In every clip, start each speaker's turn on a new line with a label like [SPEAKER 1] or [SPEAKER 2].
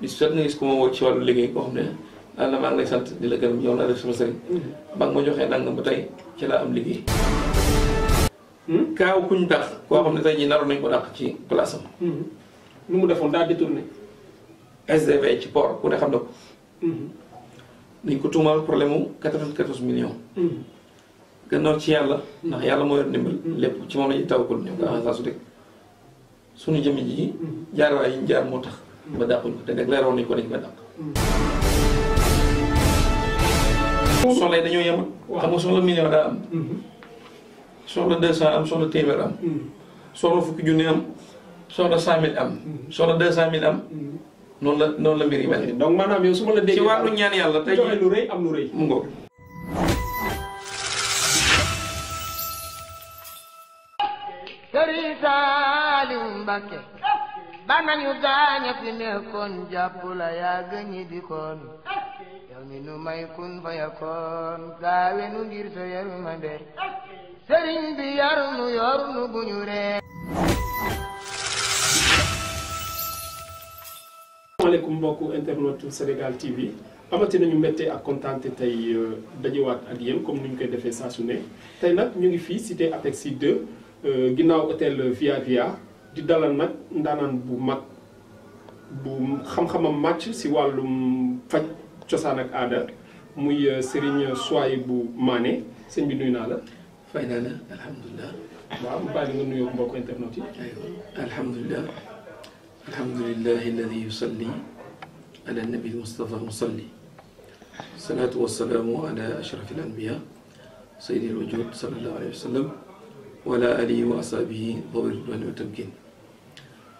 [SPEAKER 1] bis fekk nga gis ku ma woo ci wàllu liggéey koo xam ne daal la maa ngi lay sant di la gërëm yow laa def sama sëriñ mm-hmm. ba nga ma joxee nangam ba tey ci laa am liggéey mm-hmm. kaaw kuñ dàq koo xam ne tey jii naroon nañ ko dàq ci place am
[SPEAKER 2] mm-hmm.
[SPEAKER 1] mu defoon daal di tourné SDV ci port ku ne xam na dañ ko tuumal problème mu 94 millions gannaaw ci ndax yàlla moo yor ndimbal lépp ci moom lañuy tawakul ñoom nga xam saa su dëkk suñu jëmi ji jaarwaay yi ñu jaar moo tax ba dàquñ ko te déclaré woon nañu ko dañ ko dàq. soxla yi dañoo yem. xam nga soxla million daa am. soxla deux cent am soxla téeméer am. soxla fukki junni am. soxla cent mille am. soxla deux cent mille am. noonu la noonu la mbir yi mel. donc maanaam yow su ma la déggee ci wàllu ñaan yàlla tey joxe lu rëy am lu rëy mu ngoog. Sëriñ Saliou Mbacké ba nañu gaaña fi nekkoon jàpp la yaa gëñi bi koon yow mi nu may kun fa yakoon gaawe nu ngir sa yërmande sëriñ bi yar nu yor nu bu ñu ree
[SPEAKER 3] asalaamaaleykum mbokku internetu Sénégal TV amati nañu mbette ak kontante tey euh, dajewaat ak yéen comme ni ñu koy defee saa su ne tey nag ñu ngi fii cité Apexi 2 euh, ginnaaw hôtel Via Via di dalal nag ndaanaan bu mag bu xam-xamam màcc si wàllum faj cosaan ak aada muy Serigne Souhaïbou Mané sëñ bi nuyu naa la. fay naa la alhamdulilah.
[SPEAKER 1] waaw mu bàyyi nga nuyoo mbokk internet yi. aywa alhamdulilah. alhamdulilah alladi yusalli ala nabi Mustafa musalli. salaatu wa salaamu ala ashrafi al anbiya sayyidi al wujud sallallahu alayhi wa sallam wa ala alihi wa ashabihi wa ridwani wa tamkin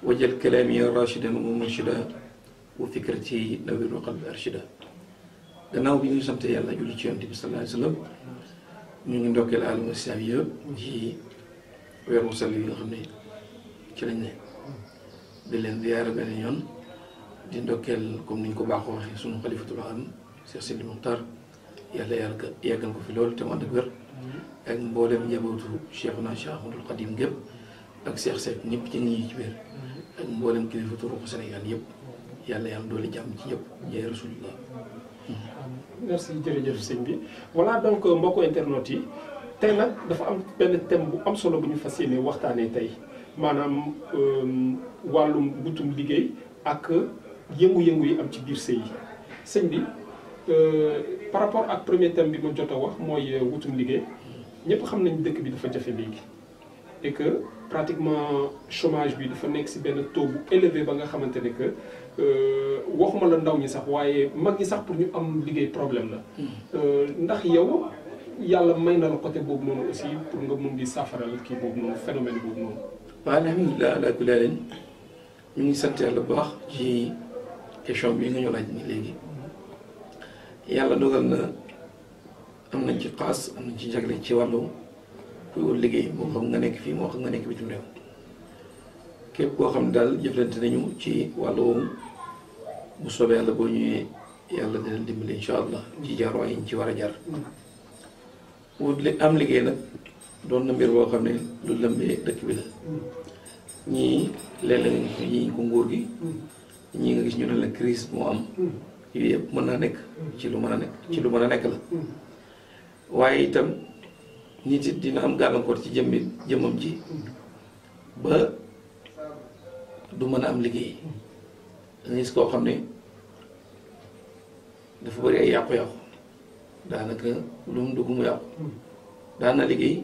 [SPEAKER 1] وجل كلامي راشدا ومنشدا وفكرتي نوير قلب ارشدا غناو بي نسمت يالا جولي تي انت صلى الله عليه وسلم ني ني دوكل العالم السامي جي وير مسلم لي خمني تي لا ني دي لين ديار بن يون دي دوكل كوم ني باخو واخي سونو خليفه الرحمن شيخ سيدي مختار يالا يالك يغن في لول تي ما دغور ak mbolem yabutu cheikhuna cheikh abdul ak Cheikh Seck ñëpp ci ñi ci biir ak mboolem kilifa turuq Sénégal yëpp yàlla yàlla doole jàmm ci ñëpp jaay rasulillah
[SPEAKER 3] merci jërëjëf sëñ bi voilà donc euh, mbokku internet yi tey nag dafa am benn thème bu am solo bu ñu fas yéene waxtaanee tey maanaam euh, wàllum gutum liggéey ak yëngu yi am ci biir sëy yi sëñ bi euh, par rapport ak premier thème bi ma jot a wax mooy wutum liggéey ñëpp xam nañ dëkk bi dafa jafe léegi et que pratiquement chômage bi dafa nekk si benn taux bu élevé ba nga xamante ne que euh, waxuma la ndaw ñi sax waaye mag ñi sax pour ñu am liggéey problème la. Hmm. Euh, ndax yow yàlla may na la côté boobu noonu aussi pour nga mun di saafaral
[SPEAKER 1] kii boobu noonu phénomène boobu noonu. waaw alhamdulilah ala kulli leen ñu ngi sant yàlla bu baax ci question bi nga ñu laaj ni léegi yàlla dogal na am na ci xaas am na ci jagle ci wàllu. kuy wut liggéey moo xam nga nekk fii moo xam nga nekk bitim réew képp koo xam ne daal jëflante nañu ci wàllu woowu bu soobee yàlla boo ñëwee yàlla dina dimbali incha allah ci jaaruwaay yi ñu ci war a jaar. wut li am liggéey nag doon na mbir boo xam ne lu lëmbee dëkk bi la. ñii léeg-léeg nga gis ñu ne la crise moo am. yooyu yëpp mën naa nekk. ci lu mën a nekk ci lu mën a nekk la. waaye itam. nit it dina am gàllankoor ci jëmmi jëmmam ji ba du mën a am liggéey danga gis koo xam ne dafa bëri ay yàqu-yàqu daanaka lu mu dugg mu yàqu daan na liggéey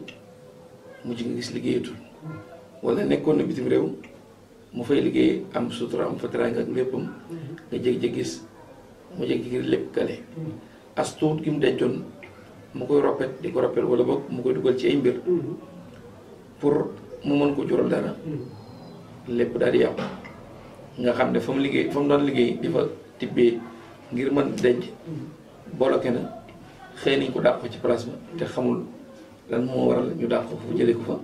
[SPEAKER 1] mu ji nga gis liggéeyatul wala nekkoon na bitim réew mu fay liggéey am sutura am fa teraanga ak léppam nga jékki-jékki gis mu jékki-jékki lépp kale as gi mu dencoon mu koy roppet di ko roppet wala boog mu koy dugal ci ay mbir mm-hmm. pour mu mën ko jural dara mm-hmm. lépp daal di yàqu nga xam ne fa mu liggéey fa mu doon liggéey di fa tibbee ngir man denc mm-hmm. bloqué na xëy nañ ko dàq ko ci place ba te xamul lan moo waral ñu dàq ko fu jëlee ko fa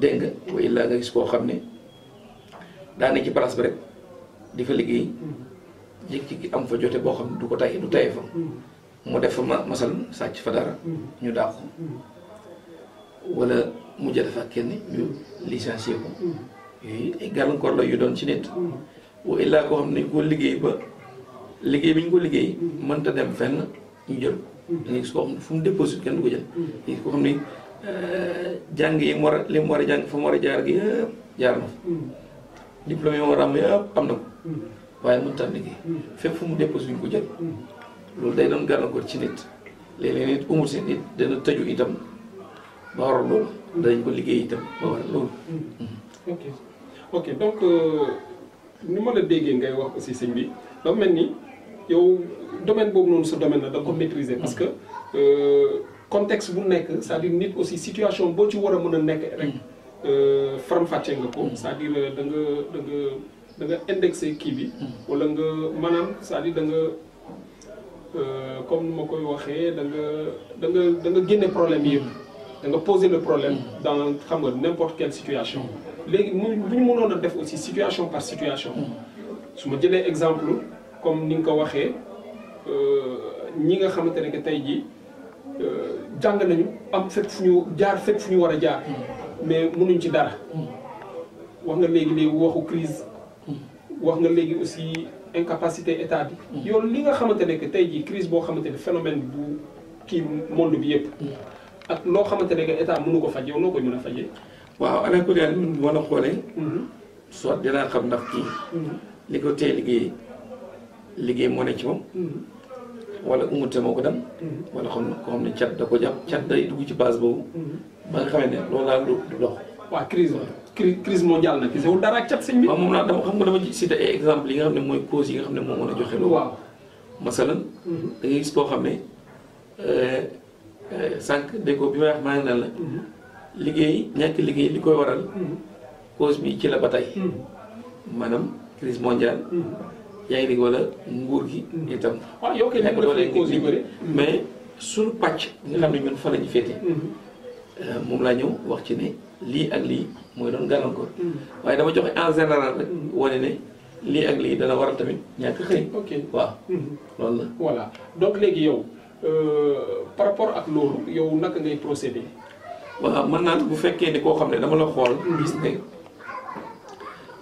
[SPEAKER 1] dégg nga waaye nga gis koo xam ne daa ne ci place ba rek di fa liggéey jékki-jékki am fa jote boo xam ne du ko tay du taye fa mu def fa ma masal sàcc fa dara ñu dàqu wala mu jël fa kenn ñu licencié
[SPEAKER 2] yooyu
[SPEAKER 1] ay gàllankoor la yu doon ci nit wa illaa koo xam ne ñu ko liggéey ba liggéey bi ñu ko liggéey mënta dem fenn ñu jël ko da ngay xam ne fu mu déposé kenn ko jël gis koo xam ne
[SPEAKER 2] euh,
[SPEAKER 1] jàng yi mu war a li mu war a jàng fa mu war a jaar gi yëpp jaar na fa diplôme yi mu war a am yëpp am na ko mm. waaye mënta liggéey mm. fépp fu mu déposé ñu ko jël mm. loolu day doon gàllankoor ci nit léeg-léeg nit umur si nit dana tëju itam ba waral loolu danañ ko liggéey itam ba waral
[SPEAKER 3] loolu hmm. ok ok donc euh, ni ma la déggee ngay wax aussi sëñ bi dafa mel ni yow domaine boobu noonu sa domaine na da ko maîtriser parce que euh, contexte bu nekk c'est-à-dire nit aussi situation boo ci war a mën a nekk rek hmm. euh, faram-fàccee nga ko hmm. c'est-à-dire da nga da nga kii bi wala nga maanaam c'est-à-dire Euh, comme nu ma koy waxee da nga da nga da nga génne problème yëpp da nga poser le problème dans xam nga n'importe quelle situation léegi mu bu ñu def aussi situation par situation su ma jëlee exemple comme ni nga ko waxee euh, ñi nga xamante ne que tey jii euh, jàng nañu am fépp fu ñu jaar fépp fu ñu war a jaar mais mënuñ ci dara wax nga léegi léegi waxu crise wax nga léegi aussi incapacité état bi. Mm. yow li nga xamante ne que tey jii crise boo xamante ne phénomène bu kii monde bi yëpp. Mm. ak loo xamante ne que état ko faj yow
[SPEAKER 1] noo koy mën a fajee. waaw ala kulli aal dinaa xam ndax kii. Mm-hmm. li ko tey liggéey liggéey moo ne
[SPEAKER 2] mm-hmm. moo ko dem. Mm-hmm.
[SPEAKER 1] wala xam na ko xam ne cat da ko jàpp cat day dugg ci base boobu. ba nga xamante ne loolu daal du dox. waa crise la. crise mondiale nag gisewul dara ak cat sëñ bi. waaw moom laa dama xam nga dama cité ay exemple yi nga xam ne mooy cause yi nga xam ne moo mën a joxe. Mhm. xam ne euh, euh, sànq dégg ko bi may maa ngi naan la. Mhm. liggéey ñàkk liggéey li koy waral. Mhm. bi ci la ba tey. maanaam crise mondiale. yaa ngi dégg wala nguur gi. itam waaw ah, yow kay nekk yu bëri mais suñu pàcc. nga xam ne ñun fa la féete. Euh, moom laa ñëw wax ci ne lii ak lii mooy doon gàllankoor. Hmm. waaye dama joxe en général rek hmm. wane ne lii ak lii dana waral tamit ñàkk xëy. ok waaw hmm. loolu la. voilà donc léegi
[SPEAKER 3] yow euh, par rapport ak loolu yow naka ngay procéder.
[SPEAKER 1] waaw man naan bu fekkee ni koo xam ne dama la xool. gis ne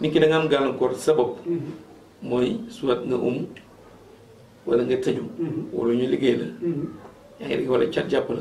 [SPEAKER 1] nit ki danga am gàllankoor sa bopp. mooy soit nga um wala nga tëju. wala ñu liggéey la. yaa ngi wala cat jàpp la.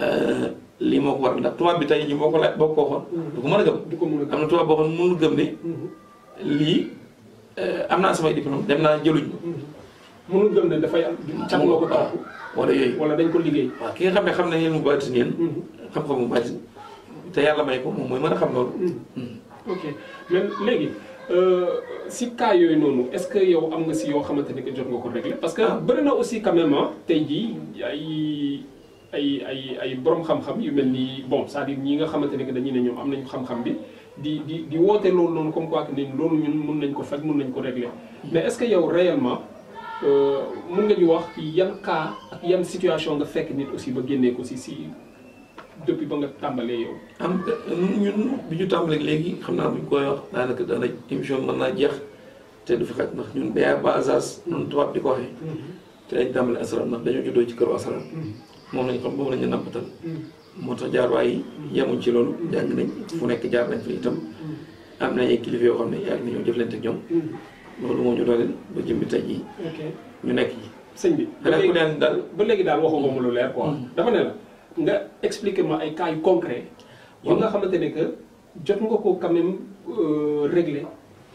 [SPEAKER 1] Euh, lii moo ko waral ndax tubaab bi tey jii moo ko laaj boo ko waxoon. Mm-hmm. du ko mën a gëm. du ko mën a am na tubaab boo xam ne gëm ne. Mm-hmm. lii euh, am naa sama diplôme dem naa jëluñ ma.
[SPEAKER 2] Mm-hmm.
[SPEAKER 1] mënul gëm ne dafay am. ko baax wala yooyu. wala dañ ko liggéey. waaw ki nga xam ne xam nañ yéen mu baatin yéen. xam-xamu baatin te yàlla may ko moom mooy mën a xam loolu. Mm.
[SPEAKER 3] ok mais léegi. Euh, si cas noonu est-ce que yow am na si yoo xamante ni que jot nga ko réglé. parce que ah. bëri na aussi quand même ah, tey jii ay. ay ay ay borom xam-xam yu melni bon ça à dire ñi nga xamanteni que dañuy ne ñom am nañu xam-xam bi di di di woté loolu non comme quoi que ne loolu ñun mën nañ ko faj mën nañ ko régler mais est ce que yow réellement euh mën nga ñu wax ki yan ka ak yan situation nga fekk nit aussi ba génné ko ci si depuis ba nga tambalé yow.
[SPEAKER 1] am ñun bi ñu tàmbalee léegi xam naa bu ñu koy wax da dana émission bi mën naa jeex té du fi nak ñun bé ba à basage. ñun tubaab di ko waxé té dañ tambalé asalaam nak dañu juddoo ci kër asalaam. Mm-hmm. moom lañ xam moom lañ tam mm. moo tax jaarwaay yi yemuñ ci loolu jàng nañ fu nekk jaar nañ fi itam mm. am na kilifa yoo xam ne yàgg nañoo jëflante ñoom mm. loolu moo ñu dooleel ba jëmbi tey yi ñu nekk ji sëñ bi ku neen daal
[SPEAKER 3] ba léegi daal waxoo nga mu lu leer quoi dafa ne la nga expliquer ma ay cas yu concret yoo nga xamante ne que jot nga ko quand même euh,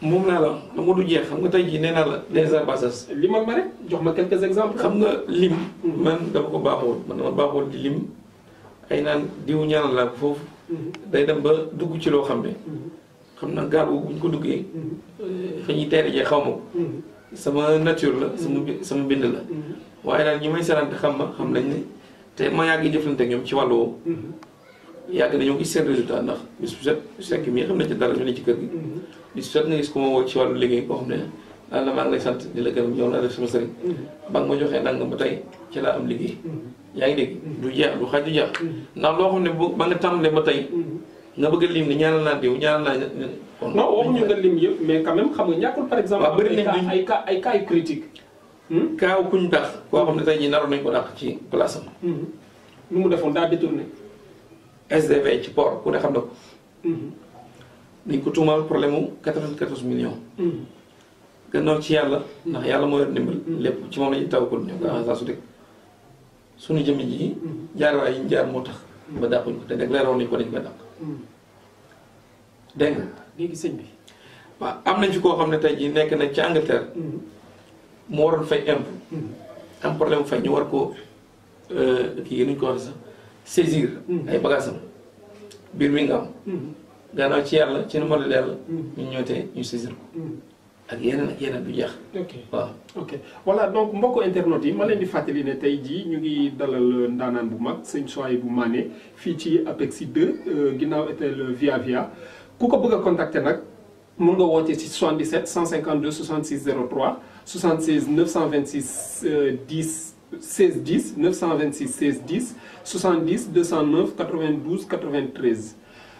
[SPEAKER 3] moom naa la xam
[SPEAKER 1] nga du jeex xam nga tey jii nee naa la des herbacées. limal ma rek jox ma quelques exemples. xam nga lim. Hmm. man dama ko baaxoon man dama baaxoon di lim ay naan diw ñaanal laa ko foofu. Hmm. day dem ba dugg ci loo xam ne. Hmm. xam na gaal bu ñu ko duggee. fa ñuy teel jee xaw ma ko. sama nature la. sama sama bind la. waaye daal ñi may sarante xam ma xam nañ ne te ma yàgg jëflante ak ñoom ci wàll woowu. yàgg nañoo gis seen résultat ndax bis bu set sekk mi xam nañ ci dara ñu ne ci kër gi. li si jot nga gis ku ma woo ci wàllu liggéey koo xam ne naan la maa ngi lay di la gërëm yow laa def sama sëriñ mm-hmm. ba nga ma joxee nangam ba tey ci laa am liggéey mm-hmm. yaa dégg mm-hmm. du jeex du xaj du jeex ndax loo xam ne bu ba nga tàmbalee ba tey nga bëgg a lim ni ñaanal naa diw ñaanal naa kon non waxuñu
[SPEAKER 3] nga lim yëpp mais quand même xam nga ñàkkul
[SPEAKER 1] par exemple waaw bëri nañ ay cas ay cas yu critique kaaw hmm? kuñ dàq koo xam ne tey jii naroon nañ ko dàq ci place lu hmm. mu defoon daa détourné SDV ci port ku ne xam na ko hmm. dañ ko tuumaal problème mu 94 millions. Mm. gannaaw ci yàlla. ndax yàlla moo yor ndimbal. Mm. lépp ci moom la ñuy taw ko ñoom daal mm. saa su dee. ñu jaar moo tax. ba dàquñ ko te nañ ko dañ koy dàq. dégg bi. waaw am nañ koo xam ne tey jii nekk na ci Angleterre. mu waroon fay impôt. am problème fay ñu war ko euh, kii nu ko waxee sax saisir. ay bagages am gannaaw ci yàlla ci numéro mënul yàlla hmm. ñu ñëwtee ñu saisir ko hmm. ak
[SPEAKER 2] yeneen ak yeneen du jeex. ok
[SPEAKER 3] waaw ok voilà donc mbokku internet yi ma leen di fàttali ne tey jii ñu ngi dalal euh, ndaanaan bu mag sëñ Souhaïbou Mané fii ci APEXI 2 euh, ginnaaw le euh, Via Via ku ko bëgg contacter nag mun nga woote ci 77 152 66 03 76 926 10 16 10 926 16 10 70 209 92 93.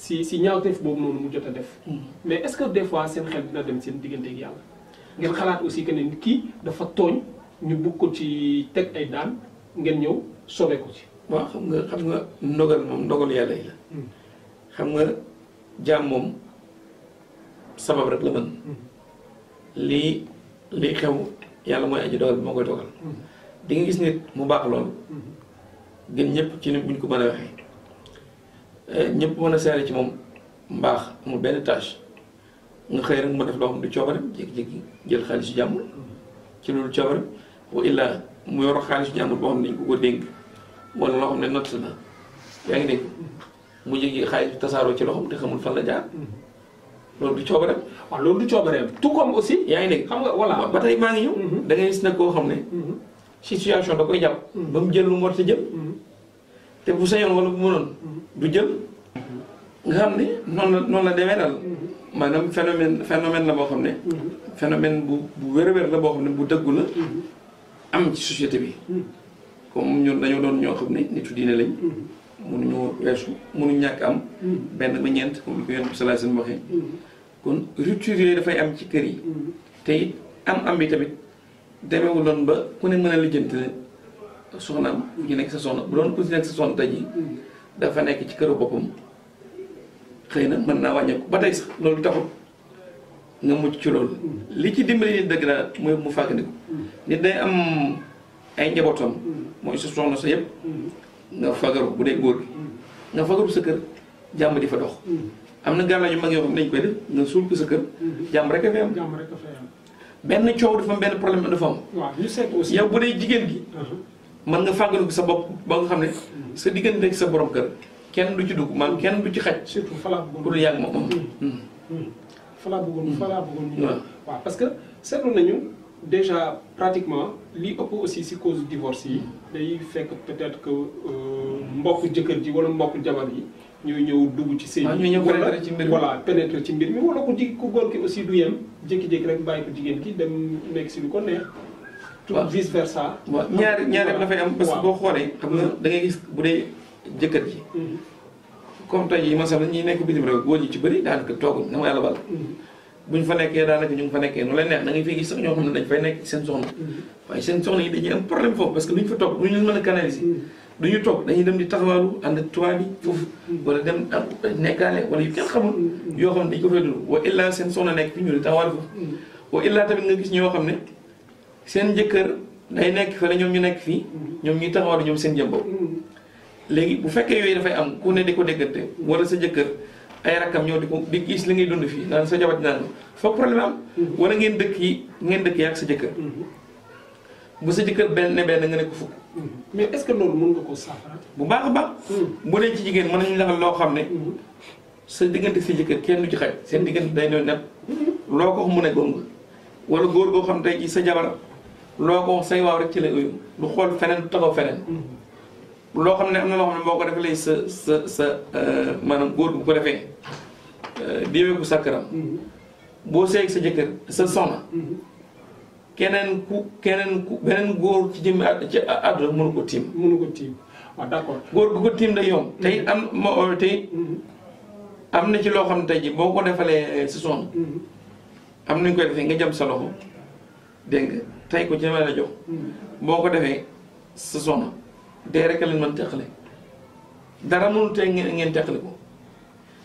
[SPEAKER 3] si si ñaawteef boobu noonu mu jot a def. mais est-ce que des fois seen xel dina dem seen digganteeg yàlla. ngeen xalaat aussi que ne ki dafa tooñ ñu bugg ko ci teg ay daan ngeen ñëw sobe
[SPEAKER 1] ko ci. waaw xam nga xam nga ndogal moom ndogal yàlla yi la. Hmm. xam nga jaam moom sabab rek la mën. Hmm. lii lii xew yàlla mooy aji dogal bi moo koy dogal. Hmm. di nga gis nit mu baax lool. gën ñëpp ci ni buñ ko mën a waxee. Euh, ñëpp mën a seere ci moom mbaax mu benn tâche nga xëy rek mu def loo xam du coobareem jékki-jékki jël xaalisu jàmbur ci loolu coobareem wa illaa mu yor xaalisu jàmbur ko ko dénk wala loo xam ne nott yaa ngi dégg mu jékki xaalis tasaaroo ci loxoom te xamul jaar loolu du coobareem. waaw loolu du coobareem tout comme aussi. yaa ngi dégg xam nga voilà ba tey maa ngi ñëw. Mm-hmm. da ngay gis nag koo xam ne. Mm-hmm. situation da koy jàpp. Mm-hmm. ba mu jël lu mu war a jël. te bu sañoon wala bu mënoon mhm. du jël mhm. nga xam ne noon la noon la demee daal mhm. maanaam phénomène phénomène la boo xam ne phénomène bu bu wér-wér la boo xam ne bu dëggu la am ci société bi comme ñu dañoo doon ñoo xam ne nitu diine lañ mënuñu weesu mënuñ ñàkk am benn ba ñeent comme ko yoon bi salaa seen kon rupture yooyu dafay am ci kër yi te it am am bi tamit demewu doon ba ku ne mën a lijjanti soxnaam bu ci nekk sa soxna bu doon ku ci nekk dafa nekk ci këru boppam xëy na mën naa wàññeeku ba tey sax loolu taxul nga mucc ci loolu. li ci dimbali nit dëgg la mooy mu fàggandiku. nit day am ay njabootam. mooy sa soxna sa yëpp. nga fagaru bu dee góor gi. nga fagaru sa kër jàmm di fa dox. am na gàllankoor yu mag yoo xam ne koy def nga suul ko sa kër. jàmm rek a fay am
[SPEAKER 2] jàmm rek a fay am.
[SPEAKER 1] benn coow dafa am benn problème am.
[SPEAKER 3] waaw ñu seet bu dee jigéen gi. Uh-huh.
[SPEAKER 1] mën nga fàggalu sa bopp ba nga xam ne sa diggante ak sa borom kër kenn du ci dugg maanaam kenn du ci xaj. surtout falaa bëggoon pour yàgg moom. Hmm.
[SPEAKER 3] Hmm. Hmm. falaa bëggoon falaa bëggoon. waaw parce que seetlu nañu déjà pratiquement li ëpp aussi si cause divorce yi day fekk peut-être que euh, mbokk jëkkër ji wala mbokk jabar yi. ñuy ñëw dugg ci sëy ah, bi wala ci mbir ci mbir mi wala ku ji ku góor ki aussi du yem jékki-jékki rek bàyyi jigéen ki dem nekk
[SPEAKER 1] si lu ko neex. waaw vice versa. waaw ñaar ñaar dafay am parce boo xoolee. xam na da ngay gis bu dee jëkkër ji. Mm-hmm. comme tey jii man sax dañuy nekk bitim réew góor ñi ci bëri daanaka tooguñ na ma yàlla bal
[SPEAKER 2] mm-hmm.
[SPEAKER 1] nekkee daanaka ñu ngi fa nekkee nu leen neex da ngay fay gis sax ñoo xam ne dañ nekk seen mm-hmm. fa toog duñ leen mën a canaliser. duñu toog dañuy dem di taxawaalu ànd ak tubaab yi foofu. wala dem nekkaale wala yu kenn xamul. yoo xam ne dañ ko fay dund wa illaa seen soxna nekk fi ñu di taxawaalu foofu. wa illaa tamit nga gis ñoo xam ne seen jëkkër day nekk fële ñoom ñu nekk fii mhm. ñoom ñuy taxawal ñoom seen jëmbaw mhm. léegi bu fekkee yooyu dafay am ku ne di ko déggante wala sa jëkkër ay rakkam ñoo di ko di gis li ngay dund fii naan sa jabat naan foog problème am mhm. wala ngeen dëkk yi ngeen dëkk yaak sa jëkkër bu sa jëkkër benn ne benn nga ne ko fukk
[SPEAKER 3] est-ce que loolu mën nga ko
[SPEAKER 2] saafara
[SPEAKER 1] bu baax a baax bu dee ci jigéen mën nañu defal loo xam ne sa diggante sa jëkkër kenn du ci xaj seen diggante day noo nepp loo ko mu ne góor nga wala góor goo xam ne tey ci sa jabar loo ko say waaw rek ci la uyu du xool feneen du taxaw feneen mm-hmm. loo xam ne am na loo xam ne boo ko defee sa sa euh, maanaam góor bu ko defee euh, déeweeku sàkkaram mm-hmm. boo sa jëkkër sa soxna mm-hmm. keneen ku keneen ku beneen góor ci jëmmi ci àdduna mënu ko tiim mënu ko tiim waaw ah, bu ko tiim day yomb tey am ma
[SPEAKER 2] euh,
[SPEAKER 1] na ci loo xam ne tey ji boo ko defalee sa soxna am nañu koy defee nga jam sa loxo dégg nga tey ko jëmee la jox hmm. boo ko defee sa soxna dee rek lañ mën teqale dara mënu te ngeen ngeen teqale ko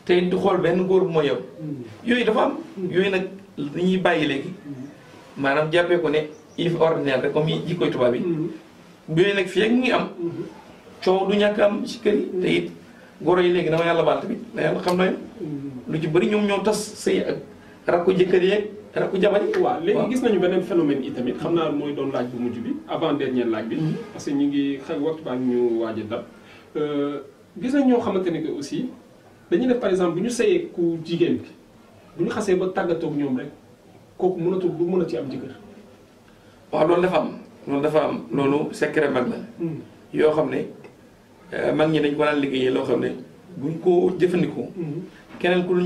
[SPEAKER 1] tey du xool benn góor bu mooy yow hmm. yooyu dafa am hmm. yooyu nag dañuy bàyyi léegi maanaam jàppee ko ne if ordinaire rek comme jikkoy tubaab yi yooyu nag fii ak mu ngi am coow du ñàkk am ci kër yi te it goro yi léegi dama yàlla baal tamit na yàlla xam na lu ci bari ñoom ñoo tas sëy ak rakku jëkkër yeeg rakku jabar yi waaw léegi gis nañu beneen phénomène
[SPEAKER 3] yi tamit xam naa mooy doon laaj bu mujj bi avant dernier laaj bi mm-hmm. parce que ñu ngi xel waxtu baa ngi ñu waaj a dab euh, gis nañ ñoo xamante ne que aussi dañuy ne par exemple bu ñu seyee ku jigéen bi bu ñu xasee ba tàggatook ñoom rek kooku mënatul du mën a ci am jëkkër
[SPEAKER 1] waaw loolu dafa am loolu dafa am loolu secret mag la mm. yoo xam ne euh, mag ñi dañ ko daan liggéeyee loo xam ne buñ ko jëfandikoo mm-hmm. keneen ku dul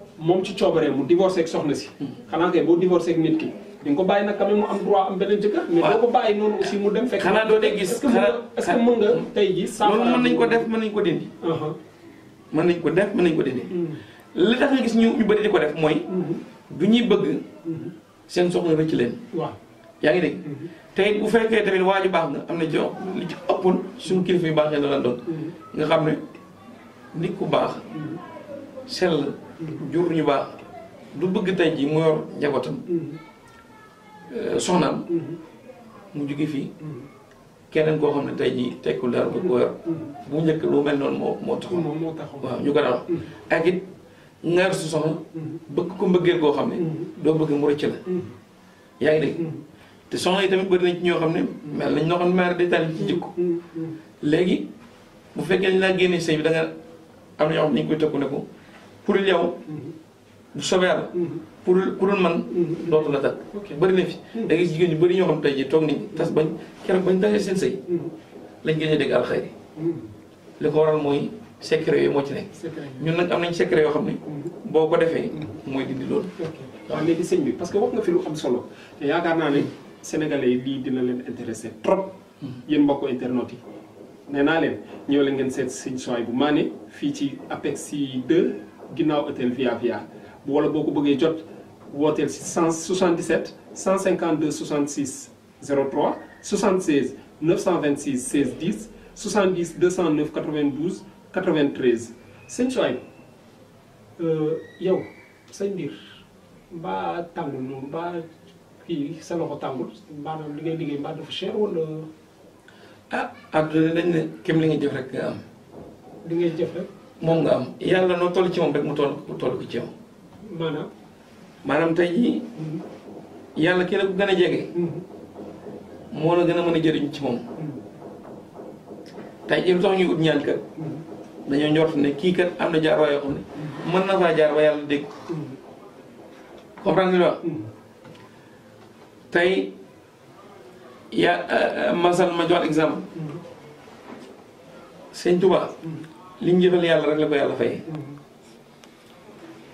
[SPEAKER 3] moom ci coobaree mu divorcé ak soxna si. xanaa kay boo divorcé ak nit ki. di ko bàyyi nag quand même mu am droit am beneen jëkkër. mais doo ko bàyyi noonu aussi mu dem. fekk xanaa doo dee gis est
[SPEAKER 1] tey jii. saafara loolu mën nañ ko def mën nañ ko dindi. Uh-huh. man nañ ko def mën nañ ko dindi. Mm. li tax nga gis ñu ñu bëri di ko def mooy. Mm-hmm. du ñuy bëgg. Mm-hmm. seen soxna rëcc leen. waaw yaa ngi dégg. Mm-hmm. tey bu fekkee tamit waaju baax nga am na jox li ci ëppoon suñu kilifa yu baaxee la doon. nga xam ne nit ku baax sell jur ñu baax du bëgg tey ji mu yor njabootam mm-hmm.
[SPEAKER 2] euh, soxnaam mm-hmm. mu jóge fii mm-hmm.
[SPEAKER 1] keneen koo xam ne tey ji tekkul dara bëgg koo yor bu njëkk lu mel noonu moo moo tax waaw ñu ko daan wax ko mbëggeel koo xam ne doo bëgg mu rëcc la yaa ngi dégg te soxna yi tamit bëri nañ ci ñoo xam ne mel nañ ñoo xam ne maar détail ci jikko léegi bu fekkee ñu laa génnee sëy bi da nga am na ñoo xam ne ñu koy tëkku ne ko pour yow bu soobee pour ku dul man mm-hmm. dootu la dal bëri na fi mm-hmm. da ngay jigéen ñu bëri ñoo xam tey jii toog nañ tas bañ keroog bañ dajee seen sëy mm-hmm. lañ gën a dégg alxayri li ko waral mooy secret yooyu moo ci nekk ñun nag am nañ secret yoo xam ne boo ko defee mooy dindi loolu
[SPEAKER 3] waaw léegi sëñ bi parce que wax nga fi lu am solo te yaakaar naa ne sénégalais yi lii dina leen intéresé trop yéen mbokku internautes yi nee naa leen ñëw leen ngeen seet sëñ Souhaïbou Mané fii ci APEXI 2 ginnaaw hôtel Via Via wala boo ko bëggee jot wooteel si 77 152 66 03 76 926 16 10 70 209 92 93 sëñ Soy euh, yow say mbir mbaa tàngu noonu mbaa kii sa loxo tàngul maanaam li ngay liggéey mbaa dafa cher wala.
[SPEAKER 1] ah Abdoulaye dañ kem li nga jëf rek am.
[SPEAKER 3] li
[SPEAKER 2] ngay jëf rek.
[SPEAKER 1] moom nga am yàlla noo toll ci moom rek mu toll mu toll ko ci yow. maanaam. maanaam tey jii.
[SPEAKER 2] Mm-hmm.
[SPEAKER 1] yàlla ki la ko gën a jege. Mm-hmm. moo la gën a mën a jëriñ ci moom. Mm-hmm. tey jii njort ne kii kat am na jaar mën na faa jaar yàlla dégg. comprendre nga tey ya euh, euh, masal ma jox exemple. sëñ Tuba. li ñu yàlla rek la ko yàlla fay mm-hmm.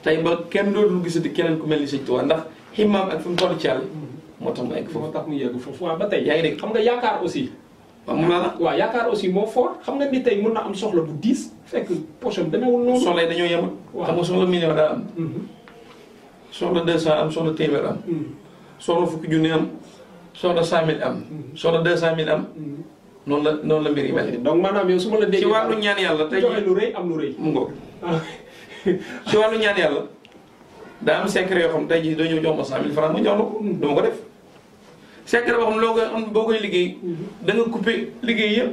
[SPEAKER 1] tey ba kenn dootul gisati keneen ku mel ni sëñ Tuubaa ndax ximmaam ak fi mu toll ci mm-hmm. moo tax mu egg foofu moo tax mu tey yaa ngi
[SPEAKER 3] dégg nga yaakaar aussi waaw mun yaakaar aussi moo fort xam nga ni tey mun na am soxla bu diis
[SPEAKER 1] fekk poche am demeewul noonu soxla yi dañoo yemal xam soxla million am mm-hmm. soxla deux cent téeméer am soxla fukki junni am soxla cent am soxla deux cent am noonu la noonu la mbir yi mel. donc maanaam yow su ma la déggee ci wàllu ñaan yàlla tay joxe lu rëy am lu rëy mu ngoog ah. ci wàllu ñaan yàlla daa am secret yoo xam tey jii doo ñëw jox ma cent mille francs ma jox ko mm-hmm. dama ko def secret boo xam loo koy am boo koy liggéey mm-hmm. danga nga liggéey yëpp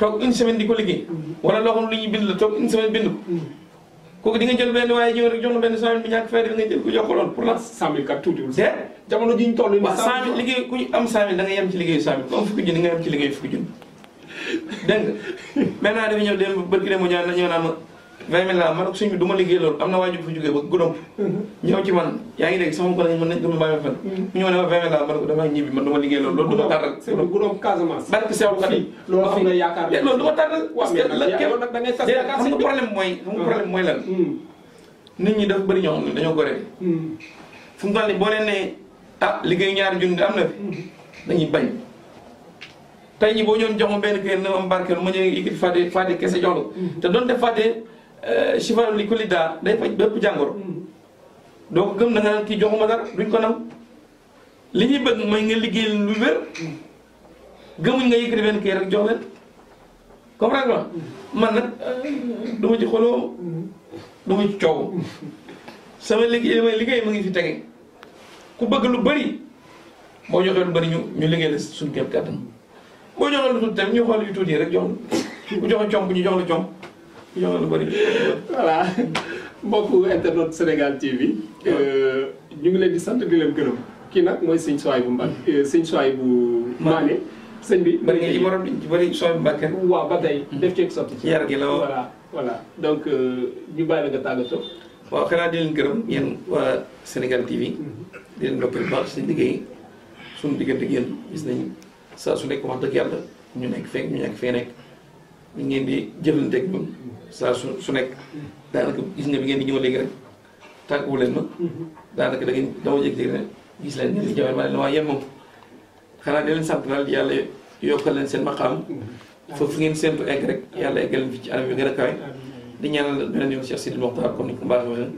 [SPEAKER 1] toog une semaine di ko liggéey mm-hmm. wala loo lu ñuy bind la toog une semaine bind ko kooku di nga jël benn waaye ñëw rek jox la benn cent mille bi ñàkk fay def nga jël ko jox loolu pour lan. Ah, cent mille kat tuutiwul. te jamono ji ñu toll nii. waaw cent mille ku am cent mille da ci liggéeyu cent ku am fukki junni nga yem ci liggéeyu fukki junni dégg nga maintenant dafa ñëw démb barki démb ñaan ñëw naan ma vingt mille laa man ak suñ bi du ma liggéey loolu am na waajur fa jógee ba gudóom ñëw ci man yaa ngi dégg sama ko lañ mën nañ gëm bàyyi ma fen mm-hmm. mu ñëw ne ma vingt mille laa man ko dama ñibbi man du ma liggéey loolu loolu du ma tàrral gudóom Casamance barke Seexul Xadiim loolu am na yaakaar loolu du ma tàrral parce que xam nga problème mooy xam nga problème mooy lan mm-hmm. nit ñi daf bëri ñoo xam ne dañoo goree mm-hmm. fu mu toll nii boo leen ne ah liggéey ñaari junni am na fi dañuy bañ tey ñi boo ñoon jox ma benn kër na am barke lu ma ñëw yëkkati fàtte fàtte kese jox la te doon def fàtte chifa eh, li kulli da day fa bepp jàngoro hmm. doo gëm da nga ki kii joxuma dar duñ ko nangu li ñi bëgg moy nga liggéey lu wër hmm. gëmuñ nga yëkëri ben kër rek jox leen comprendre nga hmm. man nak du ci xolo du ci ciow sama liggéey may liggéey mu ngi fi tégué ku bëgg lu bari bo joxee lu bari ñu ñu liggéey la suñu kéem kàttan boo joxee lu tuuti tamit ñu xol yu tuuti rek jox ku joxe bu ñu jox la comp yow la bëri.
[SPEAKER 3] voilà mbokku internet Sénégal TV. Euh, ñu ngi leen di sant bi leen gërëm. kii nag mooy sëñ Suwaay bu Mbacke euh, sëñ Suwaay bu Maane.
[SPEAKER 1] sëñ bi bëri nga ci morom di bëri Suwaay bu Mbacke. waaw ba tey mhm. def ceeg sot ci. yar gi la woo voilà donc euh, ñu bàyyi la nga tàggatoo. waaw xanaa di leen gërëm yéen waa Sénégal TV. Mhm. di leen ndokkeel baax suñu liggéey suñ diggante ak yéen gis nañu saa su nekk wax dëgg yàlla ñu nekk fekk ñu nekk fee nekk ñu ngeen di jëflanteeg ñun. saa su su nekk daanaka gis nga bi ngeen di ñëw léegi rek tàggu leen ma daanaka da ngeen dama ne gis leen ngeen di jawee ma xanaa di leen sant daal yàlla yokkal leen seen maqaam foofu ngeen séntu egg rek yàlla eggal leen fi ci anam yu gën a di ñaanal beneen yoon Cheikh Sidil Mokhtar comme ni ko mbaax waxee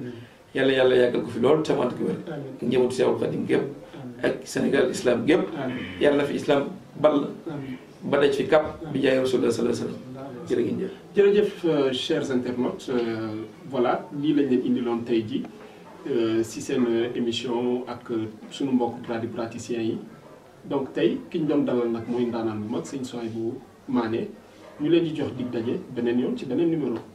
[SPEAKER 1] yàlla yàlla yàggal ko fi lool tamante ko wér njëmatu Seexul Xadim gépp ak Sénégal islam gépp yàlla na fi islam ball ba daj fi kàpp bi jaay Rasulullah jërë ngeen jërëjëf euh,
[SPEAKER 3] chers internautes euh, voilà lii lañ leen indiloon tey ji euh, si seen émission ak sunu mbokk tradipraticiens yi donc tey kiñ ñu doon dalal nag mooy ndaanaan bu mag sëñ Souhaïbou Mané ñu leen di jox dig daje beneen yoon ci beneen numéro